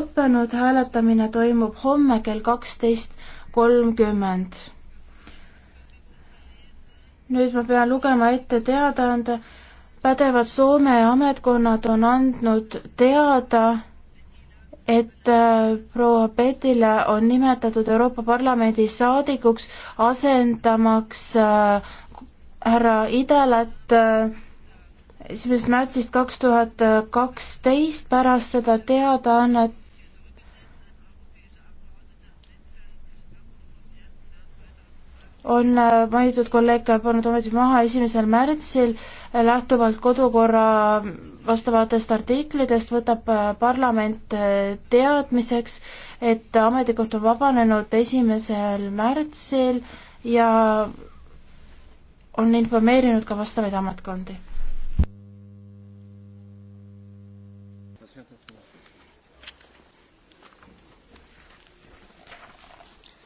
lõppenud, hääletamine toimub homme kell kaksteist kolmkümmend. nüüd ma pean lugema ette teadaande. pädevad Soome ametkonnad on andnud teada, et äh, proua Petile on nimetatud Euroopa Parlamendi saadikuks asendamaks äh, härra äh, Idalat äh, esimesest märtsist kaks tuhat kaksteist pärast seda teadaannet on äh, mainitud kolleeg pannud ometi maha esimesel märtsil, äh, lähtuvalt kodukorra vastavatest artiklitest võtab äh, parlament teadmiseks, et ametikoht on vabanenud esimesel märtsil ja on informeerinud ka vastavaid ametkondi